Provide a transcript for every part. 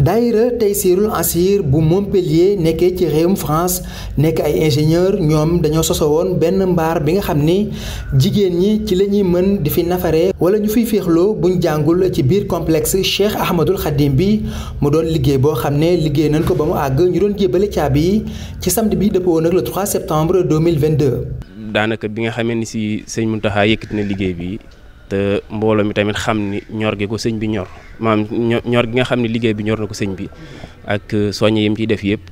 daayira Taysirul Asir bu Montpellier nekkee ci réewum France nekk ay ingénieur ñoom dañoo soso woon benn mbaar bi nga xam ni jigéen ñi ci la ñuy mën di fi nafare wala ñu fiy féexloo buñ jàngul ci biir complexe Cheikh Ahmadul Khadim bi mu doon liggéey boo xam ne liggéey nañ ko ba mu àgg ñu doon jébbale caabi yi ci samedi bi dëppoo nag le 3 septembre 2022. daanaka bi nga xamee ni si sëñ Mountakha yëkkati na liggéey bii te mbooloo mi tamit xam ni ñor gi ko sëñ bi ñor maam ñor gi nga xam ne liggéey bi ñor na ko sëñ bi ak euh, soññ yi ci def yëpp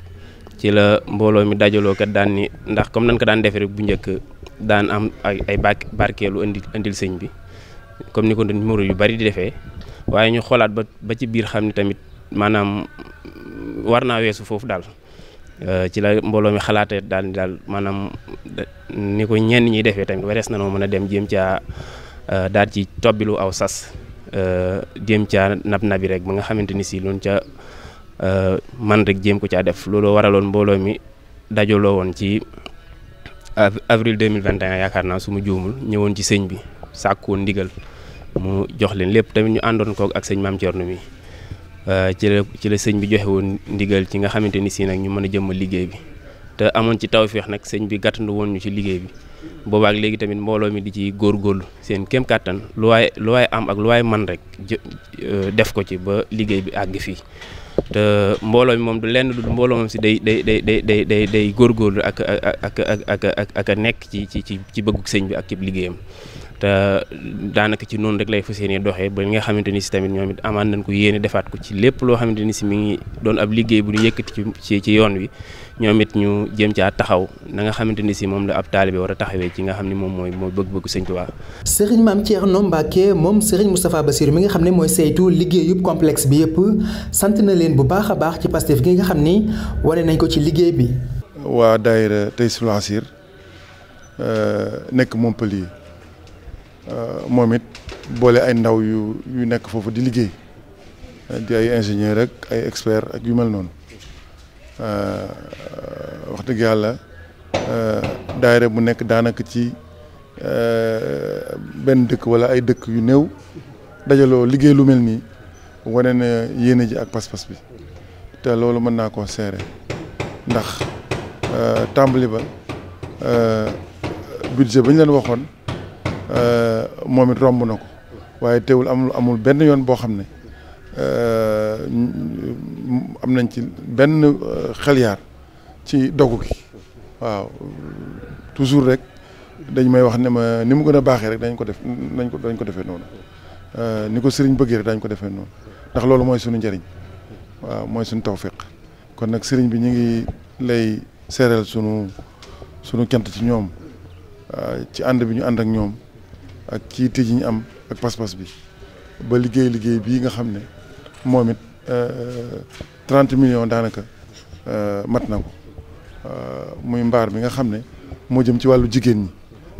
ci la mbooloo mi dajaloo kat daan ni ndax comme nañ ko daan defee rek bu njëkk daan am ay ay barkeelu indi indil sëñ bi comme ni ko numéro yu bari di defee waaye ñu xoolaat ba ba ci biir xam ni tamit maanaam war naa weesu foofu daal euh, ci la mbooloo mi xalaatee daal daal maanaam ni ko ñenn ñiy defee tamit warees na noo mën a dem jéem caa. Euh, daal ci tobbilu aw sas euh, jéem caa nab nabi rek ba nga xamante ni si luñ ca euh, man rek jéem ko caa def looloo waraloon mbooloo mi dajaloo woon ci avril 2021 yaakaar naa su ma juumul ñëwoon ci sëñ bi sàkkoo ndigal mu jox leen lépp tamit ñu àndoon koog ak sëñ maam Thierno mi ci la sëñ bi joxe woon ndigal ci nga xamante ni si nag ñu mën a jëmmal liggéey bi. te amoon ci tawféex nag sëñ bi gàttandu woon ñu ci liggéey bi boobaak léegi tamit mbooloo mi di ci góorlu seen kéem kàttan lu waaye lu waay am ak lu waay man rek euh, def ko ci ba liggéey bi àgg fii te mbooloo mi moom du lenn du mbooloo moom si day day day day day day góorgóorlu ak ak ak ak ak ak nekk ci ci ci bëggug sëñ bi ak ci liggéeyam te daanaka ci noonu rek lay fa yéene doxee ba nga xamante ni si tamit ñoom it amaan nañ ko yéene defaat ko ci lépp loo xamante ni si mi ngi doon ab liggéey bu ñu yëkkati ci ci yoon wi ñoom it ñu jëm caa taxaw na nga xamante ni si moom la ab taalibe war a taxawee ci nga xam ni moom mooy mooy bëgg-bëggu Sëñ Tuubaa. Serigne Mame Thierno Mbacke moom Serigne Moustapha Bassirou mi nga xam ne mooy saytu liggéeyub complexe bi yëpp sant na leen bu baax a baax ci Pastef gi nga xam ni wane nañ ko ci liggéey bi. waa daayira Taysirul Asir euh, nekk Montpellier Euh, moom it boole ay ndaw yu yu nekk foofu di liggéey euh, di ay ingénieur rek ay expert ak yu mel noonu euh, wax dëgg yàlla daayira bu nekk daanaka ci benn dëkk wala ay dëkk yu néew dajaloo liggéey lu mel nii wane na yéene ji ak pas-pas bi te loolu mën naa koo seere ndax tàmbali ba budget ba ñu leen waxoon Euh, moom it romb na ko waaye teewul amul amul benn yoon boo xam ne euh, am nañ ci benn euh, xelyaar ci dogu gi waaw toujours rek dañ may wax ne ma ni mu gën a baaxee rek dañ ko def dañ ko dañ ko defee noonu ni ko sëriñ bëggee rek dañ ko defee noonu ndax loolu mooy suñu njariñ waaw mooy suñu tawféq kon nag sëriñ bi ñu ngi lay seereel sunu sunu kent ci ñoom ci ànd bi ñu ànd ak ñoom ak kiite yi ñu am ak pas-pas bi ba liggéey liggéey bii nga xam ne moom it euh, trente million daanaka euh, mat na ko euh, muy mbaar bi nga xam ne moo jëm ci wàllu jigéen ñi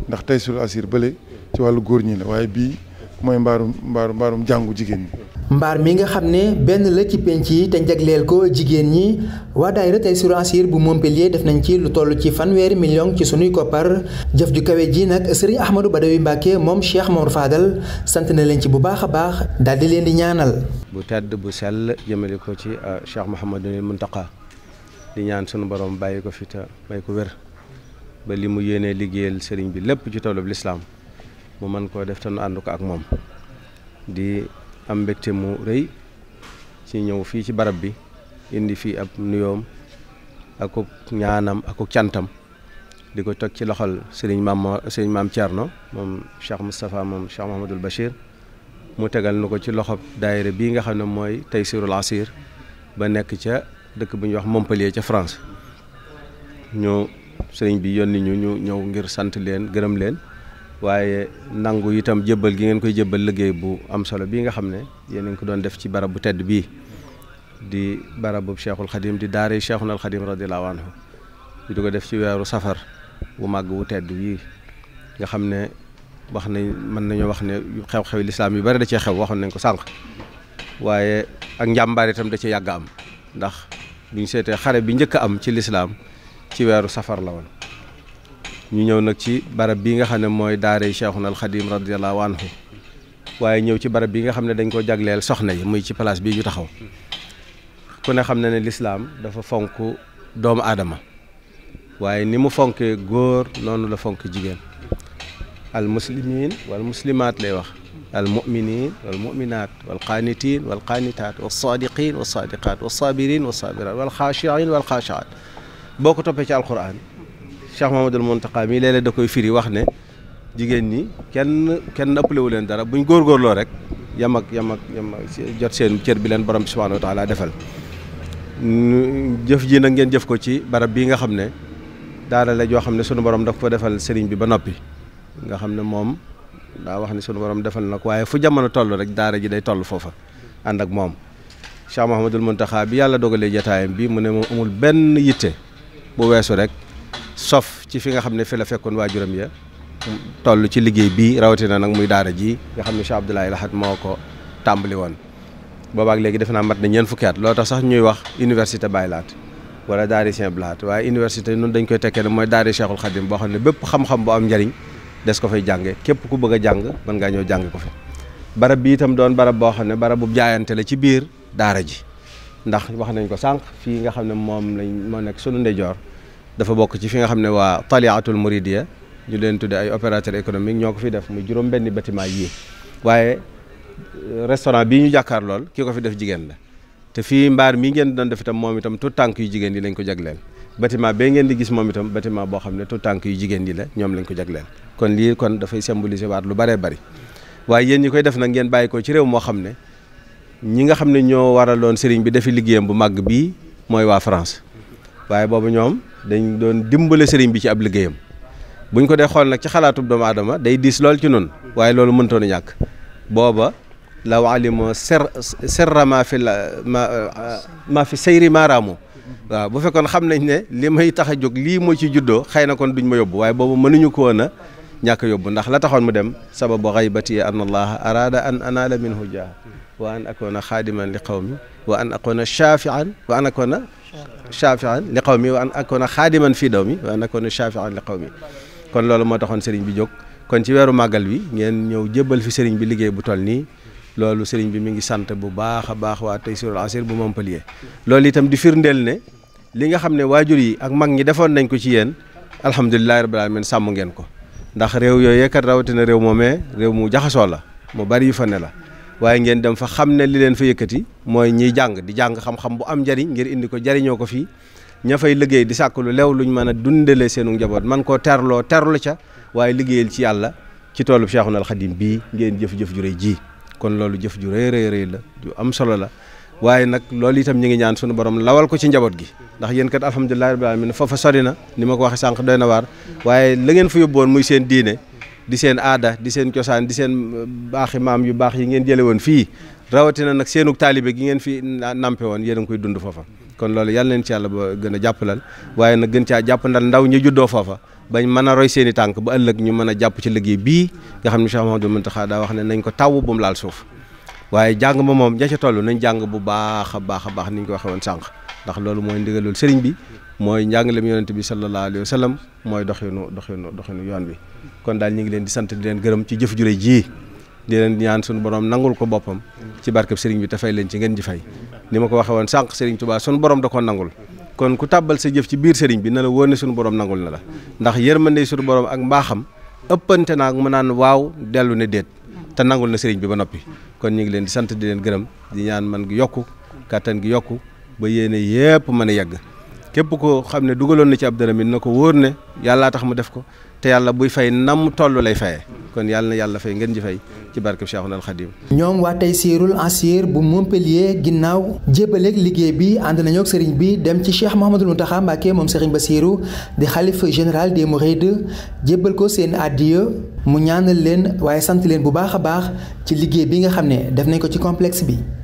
ndax tey sul asir bale ci wàllu góor ñi la waaye bii mooy mbaaru mbaaru mbaarum jàngu jigéen ñi mbaar mi nga xam ne benn la ci penc yi te njagleel ko jigéen ñi waa daayira Taysiroul Assir bu Montpellier def nañ ci lu toll ci fanweeri million ci sunuy koppar jëf ju kawe ji nag sëriñ Ahmadou Badawi Mbàkke moom Cheikh Mor Fadal sant na leen ci bu baax a baax daal di leen di ñaanal. bu tedd bu sell jëmale ko ci euh, Cheikh Mouhamadou Mountakha di ñaan sunu borom bàyyi ko fi te may ko wér ba li mu yéenee liggéeyal sëriñ bi lépp ci toolu lislaam mu mën koo def te nu ànd ko ak moom am mbégte mu rëy ci ñëw fii ci barab bi indi fii ab nuyoom akuk ñaanam akuk cantam di ko teg ci loxol sëriñ maam sëriñ maam Thierno moom Cheikh Moustapha moom Cheikh Mouhamadul Bachir mu tegal nu ko ci loxob daayira bii nga xam ne mooy tey Taysirul Asir ba nekk ca dëkk bu ñuy wax Montpellier ca France ñu sëriñ bi yónni ñu ñu ñëw ngir sant leen gërëm leen waaye nangu itam jébbal gi ngeen koy jébbal liggéey bu am solo bii nga xam ne yéen a ngi ko doon def ci barab bu tedd bii di barab barabu cheikhul xadim di daare cheikhuna al xadim radiallahu anhu ñu di ko def ci weeru safar bu màgg wu tedd bii nga xam ne wax nañ mën nañoo wax ne xew-xew lislaam yu bari da cee xew waxoon nañ ko sànq waaye ak njàmbaar itam da cee yàgg am ndax buñ seetee xare bi njëkk a am ci lislaam ci weeru safar la woon ñu ñëw nag ci barab bii nga xam ne mooy daaray Cheikhuna na Xadim radiallahu anhu waaye ñëw ci barab bi nga xam ne dañ ko jagleel soxna yi muy ci place bii ñu taxaw ku ne xam na ne lislaam dafa fonk doomu aadama waaye ni mu fonkee góor noonu la fonk jigéen al muslimin wal muslimaat lay wax al muminin wal muminat wal qaanitin wal qaanitaat wal saadiqin wal saadiqaat wal sabirin boo ko toppee ci alquran Cheikh Mamadou Mountakha mii léeg da koy firi wax ne jigéen ñi kenn kenn ëppalewu leen dara buñ góorgóorloo rek yam ak yam ak yam jot seen cër bi leen borom bi subhanahu wa taala defal jëf ji nag ngeen jëf ko ci barab bii nga xam ne daara joo xam ne sunu borom daf ko defal sëriñ bi ba noppi nga xam ne moom daa wax ne sunu borom defal na ko waaye fu jamono toll rek daara ji day toll foofa ànd moom Cheikh Mahamadul Muntaxa bi yàlla dogalee jataayam bi mu ne moom amul benn yitte bu weesu rek sof ci fi nga xam ne fi la fekkoon waajuram ya toll ci liggéey bi rawatina nag muy daara ji nga xam ne Cheikh Abdoulaye Lahat moo ko tàmbali woon boobaak léegi def naa mat na ñeent fukki at loo tax sax ñuy wax université Baye Lahat wala daari Cheikh Lahat waaye université noonu dañ koy tekkee ne mooy daari Cheikhul Khadim boo xam ne bépp xam-xam bu am njariñ des ko fay jànge képp ku bëgg a jàng mën ngaa ñëw jàng ko fa barab bi itam doon barab boo xam ne barab bu jaayante la ci biir daara ji ndax wax nañ ko sànq fii nga xam ne moom lañ moo nekk sunu ndeyjoor dafa bokk ci fi nga xam ne waa taliatul muridiya ñu leen tudde ay opérateur économique ñoo ko fi def muy juróom benn bâtiment yii waaye euh, restaurant bi ñu jàkkaar lool ki ko fi def jigéen la te fii mbaar mii ngeen doon def itam moom itam tout tànk yu jigéen yi lañ ko jagleel bâtiment bee ngeen di gis moom itam bâtiment boo xam ne tout tànk yu jigéen yi la ñoom lañ ko jagleel kon lii kon dafay symboliser waat lu bëree bari waaye yéen ñi koy def nag ngeen bàyyi ko ci réew moo xam ne ñi nga xam ne ñoo waraloon sëriñ bi defi liggéeyam bu màgg bii mooy waa France waaye boobu ñoom dañ doon dimbale sëriñ bi ci ab liggéeyam buñ ko dee xool nag ci xalaatub doomu aadama day diis lool ci noonu waaye loolu mëntoon a ñàkk booba law alima ser serra ma fi la ma ma waaw bu fekkoon xam nañ ne li may tax a jóg lii moo ci juddoo xëy na kon duñ ma yóbbu waaye boobu mënuñu ko woon ñàkk yóbbu ndax la taxoon mu dem sababu xaybati an allaha araada an anaala minhu jaa wa an akoona xaadiman li qawmi wa an akoona shaafian wa an akoona shafian li xaw mi wa an akoona xaadiman fii daw mi wa an akoona shafian li xaw mi kon loolu moo taxoon sëriñ bi jóg kon ci weeru màggal bi ngeen ñëw jébbal fi sëriñ bi liggéey bu toll nii loolu sëriñ bi mi ngi sant bu baax a baax waa Taysiroul Assir bu Montpellier loolu itam di firndeel ne li nga xam ne waajur yi ak mag ñi defoon nañ ko ci yéen alhamdulilahi rabbil alamin sàmm ngeen ko ndax réew yooy kat rawatina réew moomee réew mu jaxasoo la mu bari yu la waaye ngeen dem fa xam ne li leen fa yëkkati mooy ñiy jàng di jàng xam-xam bu am njariñ ngir indi ko jariñoo ko fii ña fay liggéey di sàkk lu lew luñ mën a dundale seenu njaboot man koo terloo terlu ca waaye liggéeyal ci yàlla ci toolu Cheikhul Khadim bii ngeen jëf-jëf ju rëy ji kon loolu jëf ju rëy rëy rëy la ju am solo la waaye nag loolu itam ñu ngi ñaan sunu borom lawal ko ci njaboot gi ndax yéen kat alhamdulilahi rabbil alamin foofa sori na ni ma ko waxe sànq doy na waaye la ngeen fa yóbboon muy seen diine di seen aada di seen cosaan di seen baax uh, baaxi maam yu baax yi ngeen jële woon fii rawatina nag seenug taalibe gi ngeen fi nampe woon yéen a ngi koy dund foofa kon loolu yàlla leen si yàlla ba gën a jàppalal waaye nag gën caa jàppandal ndaw ñu juddoo foofa bañ mën a roy seen tànk ba ëllëg ñu mën a jàpp ci liggéey bii nga xam ne Cheikh Mouhamadou Mountakha daa wax ne nañ ko taw bu mu laal suuf waaye jàng ma moom ña ca toll nañ jàng bu baax a baax a baax ni ñu ko waxee woon sànq ndax loolu mooy ndigalul sëriñ bi mooy njàngaleem yonente bi sallallahu alayhi wa sallam mooy doxinu doxinu doxinu yoon bi kon daal ñu ngi leen di sant di leen gërëm ci jëf jure ji di leen ñaan suñu borom nangul ko boppam ci barkeb sëriñ bi te fay leen ci ngeen ji fay ni ma ko waxee woon sànq sëriñ Tuubaa suñu borom da ko nangul kon ku tàbbal sa jëf ci biir sëriñ bi na la wóor ne suñu borom nangul na la ndax yërmande sunu borom ak mbaaxam ëppante naag mu naan waaw dellu ne déet te nangul na sëriñ bi ba noppi kon ñu ngi leen di sant di leen gërëm di ñaan man gi yokku kàttan gi yokku ba yéene yépp mën a yegg képp ko xam ne dugaloon na ci ab dërëm it na ko wóor ne yàllaa tax mu def ko te yàlla buy fay nam toll lay fayee kon yàlla na yàlla fay ngeen ji fay ci barkeb Cheikhul Khadim ñoom waa Taysirul Asir bu Montpellier ginnaaw jébbaleeg liggéey bi ànd nañoo ak sëriñ bi dem ci Cheikh Mouhamadul Mountakha Mbacké moom sëriñ Bassirou di xalifa général des Mourides jébbal ko seen addiya mu ñaanal leen waaye sant leen bu baax a baax ci liggéey bi nga xam ne def nañ ko ci complexe bi